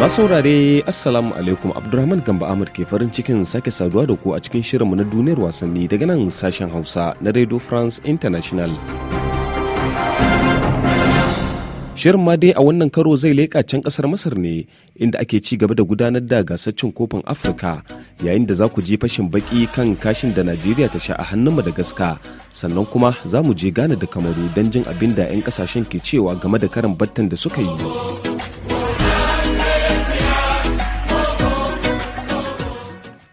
masaurare assalamu alaikum abdulrahman gamba ahmad ke farin cikin sake saduwa da ku a cikin shirinmu na duniyar wasanni daga nan sashen hausa na radio france international shirin ma dai a wannan karo zai leƙa can kasar masar ne inda ake ci gaba da gudanar da gasar kofin afirka yayin da za ku ji fashin baki kan kashin da najeriya ta sha a hannun madagaskar sannan kuma za mu je gane da kamaru don jin abin da 'yan kasashen ke cewa game da karin battan da suka yi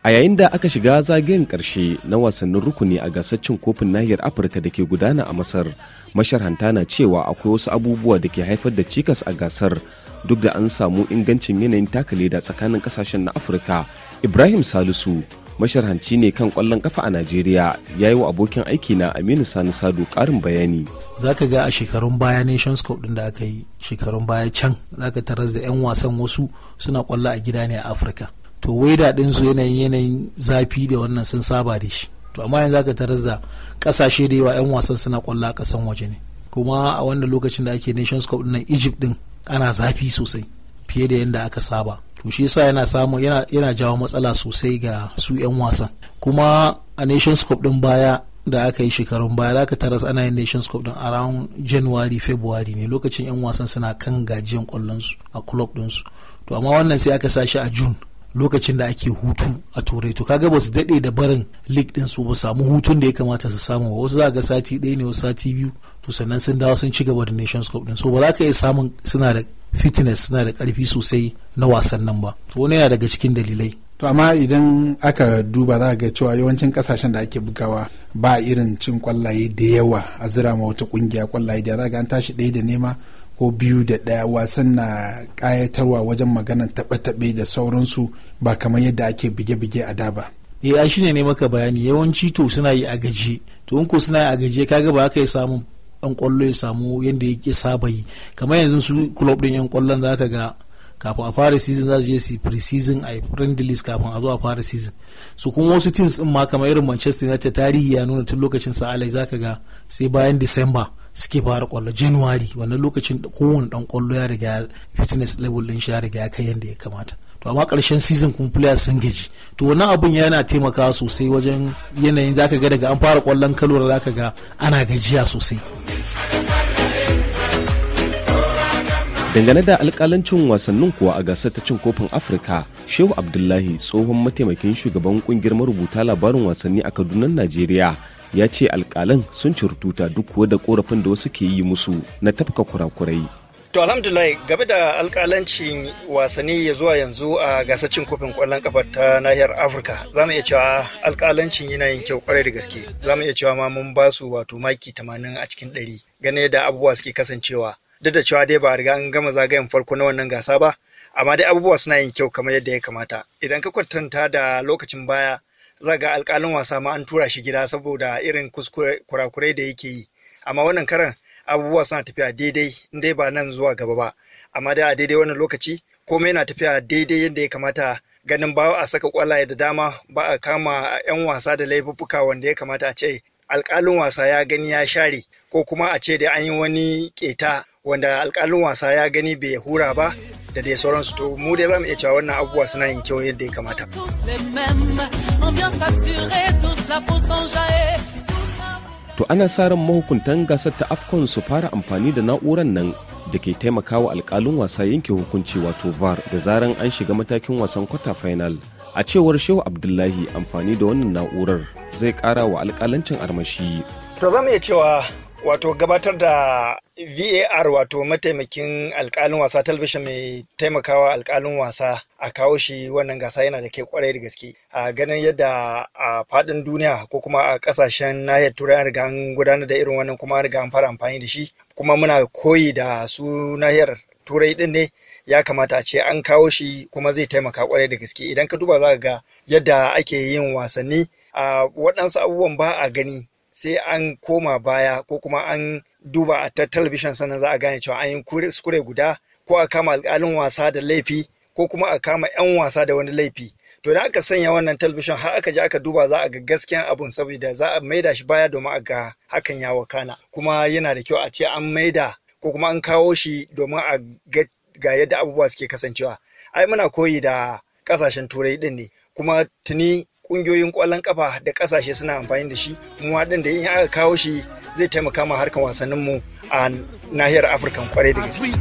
a yayin da aka shiga zagayen karshe na wasannin rukuni a gasar cin kofin nahiyar afirka da ke gudana a masar masharhanta na cewa akwai wasu abubuwa da ke haifar da cikas a gasar duk da an samu ingancin yanayin takale da tsakanin kasashen na afirka ibrahim salisu masharhanci ne kan kwallon kafa a najeriya ya yi wa abokin aiki na aminu sani sadu karin bayani zaka ga a shekarun baya nations cup din da aka yi shekarun baya can zaka taras da 'yan wasan wasu suna kwallo a gida ne a afirka to waida din su yanayin yanayin zafi da wannan sun saba da shi to amma yanzu aka taras da kasashe da yawa yan wasan suna kwallo a kasan waje ne kuma a wannan lokacin da ake nations cup din egypt din ana zafi sosai fiye da yadda aka saba to shi yasa yana samu yana, yana jawo matsala sosai ga su 'yan wasan kuma a nations cup din baya da aka yi shekarun baya za ka taras ana yin nations cup din around january february ne lokacin 'yan wasan suna kan gajiyan kwallon su a club din su to amma wannan sai aka sa a june lokacin da ake hutu a turai to kaga ba su daɗe da barin league din su ba samu hutun da ya kamata su samu ba wasu za ga sati ɗaya ne wasu sati biyu to sannan sun dawo sun ci gaba da nations cup din so ba za ka iya samun suna da fitness suna da ƙarfi sosai na wasan nan ba to wani yana daga cikin dalilai to amma idan aka duba za ga cewa yawancin kasashen da ake bugawa ba irin cin kwallaye da yawa a zira ma wata kungiya kwallaye da za ga an tashi ɗaya da nema ko biyu da ɗaya wasan na ƙayatarwa wajen maganar taɓe-taɓe da sauransu ba kamar yadda ake bige-bige a da ba. ya eh, shi ne maka bayani yawanci to suna yi a gaje to in ko suna yi a gaje kaga ba ka yi samun ɗan kwallo ya samu yadda ya saba yi kamar yanzu su club din yan kwallon za ka ga kafin a fara season za su je su pre-season a friendly list kafin a zo a fara season su kuma wasu teams din ma kamar irin Manchester United tarihi ya nuna tun lokacin sa Alex ka ga sai bayan December suke fara kwallo january wannan lokacin da kowane dan kwallo ya riga fitness level din shi ya riga ya kai yadda ya kamata to amma karshen season kuma players sun gaji to wannan abun yana taimakawa sosai wajen yanayin zaka ga daga an fara kwallon kalwar zaka ga ana gajiya sosai dangane da alkalancin wasannin kuwa a gasar ta cin kofin afirka shehu abdullahi tsohon mataimakin shugaban kungiyar marubuta labarin wasanni a kaduna najeriya ya ce alkalan sun curtuta duk da korafin da wasu ke yi musu na tafka kurakurai To alhamdulillah game da alkalancin wasanni ya zuwa yanzu a gasar cin kofin kwallon kafa ta nahiyar Afirka za mu iya cewa alkalancin yana yin kyau kwarai da gaske za mu iya cewa ma mun ba su wato maki 80 a cikin 100 gane da abubuwa suke kasancewa duk da cewa dai ba a riga an gama zagayen farko na wannan gasa ba amma dai abubuwa suna yin kyau kamar yadda ya kamata idan ka kwatanta da lokacin baya zaga alkalin wasa ma an tura shi gida saboda irin kurakurai da yake yi amma wannan karan abubuwa suna tafiya daidai in dai ba nan zuwa gaba ba amma da a daidai wannan lokaci komai na tafiya daidai yadda ya kamata ganin ba a saka kwallaye da dama ba a kama 'yan wasa da laifuffuka wanda ya kamata a ce alkalin wasa ya gani ya share ko kuma a ce da an yi wani keta wanda alƙalin wasa ya gani bai hura ba da dai sauransu to mu dai ba mu iya cewa wannan abubuwa suna yin kyau yadda ya kamata. To ana sa ran mahukuntan gasar ta Afcon su fara amfani da na'urar nan da ke taimakawa alkalin wasa yanke hukunci wato VAR da zaran an shiga matakin wasan kwata final. A cewar Shehu Abdullahi amfani da wannan na'urar zai kara wa alkalancin armashi. To ba mu iya cewa wato gabatar da var wato mataimakin alkalin wasa talabishin mai taimakawa alkalin wasa a kawo shi wannan gasa yana da ke kwarai da gaske a ganin yadda a fadin duniya ko kuma a kasashen nahiyar turai an riga an gudanar da irin wannan kuma an riga an fara amfani da shi kuma muna koyi da su nahiyar turai din ne ya kamata a ce an kawo shi kuma zai taimaka kwarai da gaske idan ka duba za ga yadda ake yin wasanni a waɗansu abubuwan ba a gani sai an koma baya ko kuma an duba a ta talabishin sannan za a gane cewa an yi kure guda ko a kama alƙalin wasa da laifi ko kuma a kama 'yan wasa da wani laifi to da aka sanya wannan talabishin har aka je aka duba za a ga gaskiyan abun saboda za a maida shi baya domin a ga hakan ya wakana kuma yana da kyau a ce an maida ko kuma an kawo shi domin a ga yadda abubuwa suke kasancewa ai muna koyi da kasashen turai ɗin ne kuma tuni kungiyoyin kwallon kafa da kasashe suna amfani da shi kuma waɗanda in aka kawo shi zai taimaka ma harkar wasannin mu a nahiyar afirka kwarai da gaske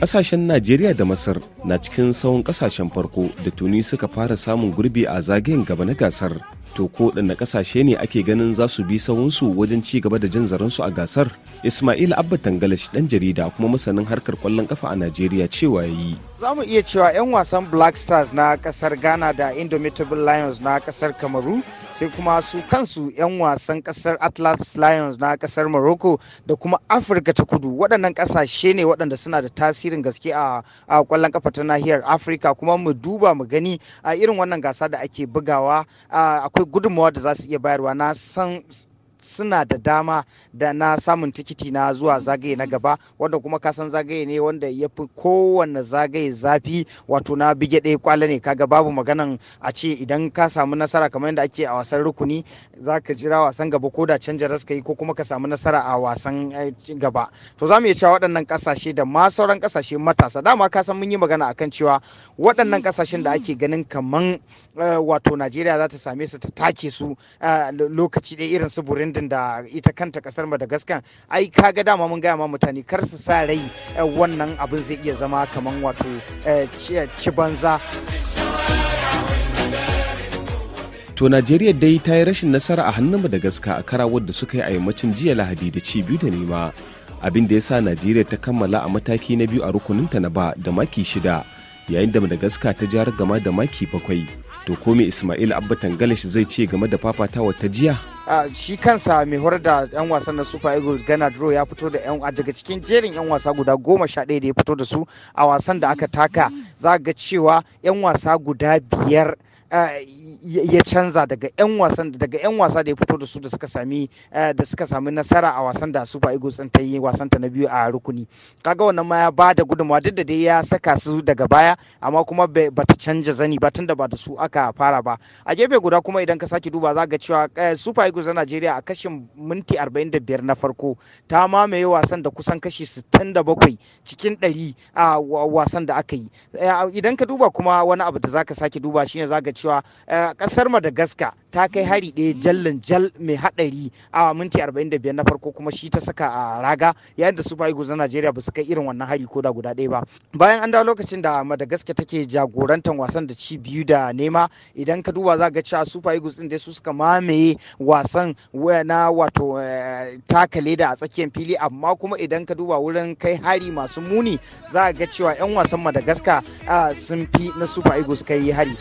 kasashen najeriya da masar na cikin tsawon kasashen farko da tuni suka fara samun gurbi a zagayen gaba na gasar to ko na kasashe ne ake ganin za su bi sawunsu wajen ci gaba da jin zaransu a gasar ismail abba tangalash dan jarida kuma masanin harkar kwallon kafa a najeriya cewa ya yi za mu iya cewa 'yan wasan black stars na kasar ghana da indomitable lions na kasar kamaru sai kuma su kansu 'yan wasan kasar atlas lions na kasar morocco da kuma afirka ta kudu waɗannan ƙasashe ne waɗanda suna da tasirin gaske a ƙwallon kafa ta nahiyar afirka kuma mu duba mu gani a irin wannan gasa da ake bugawa akwai gudunmawa da za su iya bayarwa na san suna da dama da na samun tikiti na zuwa zagaye na gaba wanda kuma kasan zagaye ne wanda ya fi kowanne zagaye zafi wato na bige ɗaya kwala ne kaga babu maganan a ce idan ka samu nasara kamar yadda ake a wasan rukuni za ka jira wasan gaba ko da canja ka yi ko kuma ka samu nasara a wasan eh, gaba to za mu iya cewa waɗannan ƙasashe da ma sauran ƙasashe matasa dama ka san mun yi magana akan cewa waɗannan ƙasashen da ake ganin kaman Eh, wato najeriya za ta same su ta take su eh, lokaci ɗaya irin su burundin da ita kanta kasar madagascar ai ga dama mun gaya ma mutane kar su sa rai eh, wannan abin zai iya zama kamar wato ci banza To Najeriya dai ta yi rashin nasara a hannun Madagascar a kara da suka yi a yammacin jiya Lahadi da ci biyu da nema. Abin da ya sa Najeriya ta kammala a mataki na biyu a rukuninta na ba da maki shida yayin da Madagascar ta jarar gama da maki bakwai. to komi ismail abba tangalish zai ce game da fafatawa ta jiya shi kansa mai horar da yan wasan na super eagles gana draw ya fito da yan daga cikin jerin yan wasa guda goma sha ɗaya da ya fito da su a wasan da aka taka za ga cewa yan wasa guda biyar eh, ya canza daga 'yan wasan daga 'yan wasa da ya fito da su da suka sami eh, da suka sami nasara a wasan da Super Eagles din ta yi wasan ta na biyu a rukuni kaga wannan ma ya ba da gudunmawa duk da dai ya saka su daga baya amma kuma ba ta canja zani ba tunda ba da su aka fara ba a gefe guda kuma idan ka sake duba za ga cewa eh, Super Eagles na Najeriya a kashin minti 45 na farko ta mamaye wasan da kusan kashi 67 cikin 100 a wasan da aka yi eh, idan ka duba kuma wani abu da zaka sake duba shine ga cewa kasar Madagascar ta kai hari ɗaya jallin jal mai haɗari a minti 45 na farko kuma shi ta saka a raga yayin da super eagles na najeriya ba su kai irin wannan hari ko da guda ɗaya ba bayan an dawo lokacin da madagascar take jagorantar wasan da ci biyu da nema idan ka duba za ga cewa super eagles din dai su suka mamaye wasan na wato eh, taka leda a tsakiyar fili amma kuma idan ka duba wurin kai hari masu muni za a ga cewa 'yan wasan madagascar ah, sun fi na super eagles kai hari.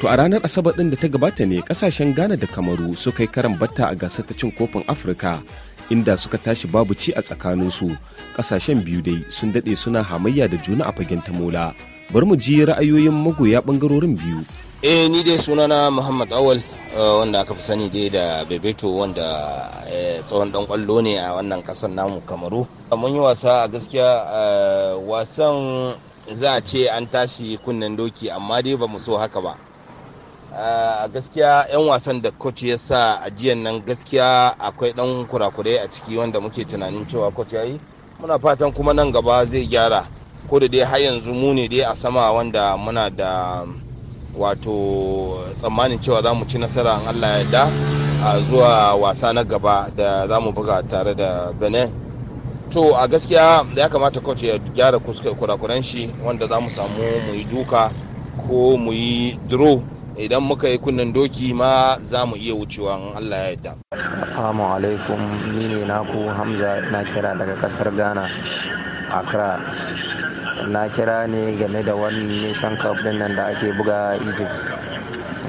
To a ranar Asabar ɗin da ta gabata ne ƙasashen Ghana da Kamaru suka yi karan batta a gasar ta cin kofin Afirka inda suka tashi babu ci a tsakaninsu ƙasashen biyu dai sun daɗe suna hamayya da juna a fagen ta mola. Bari mu ji ra'ayoyin magoya ɓangarorin biyu. Eh ni dai sunana Muhammad Awal eh, wanda aka fi sani dai da Bebeto wanda eh, tsawon dan kwallo ne a wannan kasar namu Kamaru. Mun yi wasa a gaskiya eh, wasan za a ce an tashi kunnen doki amma dai ba mu so haka ba a gaskiya 'yan wasan da coach ya sa a nan gaskiya akwai dan kurakurai a ciki wanda muke tunanin cewa coach ya yi muna fatan kuma nan gaba zai gyara ko da dai har yanzu mu ne dai a sama wanda muna da wato tsammanin cewa za mu ci nasara an allah yarda a zuwa wasa na gaba da za mu buga tare da benin to a gaskiya ya kamata coach ya gyara kurakuran shi wanda za mu samu mu yi duka ko mu yi draw idan muka yi kunnen doki ma za mu iya wucewa in Allah ya yarda. Assalamu alaikum ni ne naku Hamza na kira daga kasar Ghana Accra na kira ne game da wani nation cup din nan da ake buga Egypt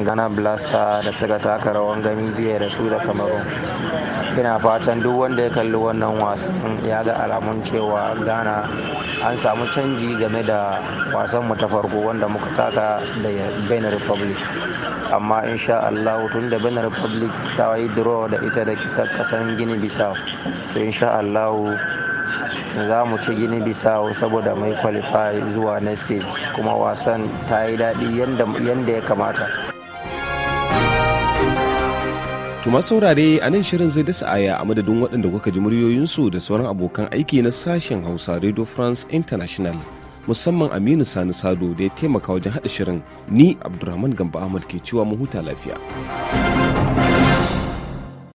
Ghana Blaster da suka taka rawan gani jiya da su da Cameroon ina fatan duk wanda ya kalli wannan wasan ya ga alamun cewa ghana an samu canji game da wasan mu ta farko wanda muka taka da bena republic amma insha allahu tun da benin republic ta yi draw da ita da kasan gini bisa to insha allahu za mu ci gini bisa saboda mai qualify zuwa next stage kuma wasan ta yi daɗi yadda ya kamata Tuma saurare a nan shirin zai dasa aya a madadin waɗanda kuka ji muryoyinsu da sauran abokan aiki na sashen Hausa Radio France International. Musamman Aminu Sani Sado da ya taimaka wajen haɗa shirin ni Abdulrahman Gamba Ahmad ke cewa mu huta lafiya.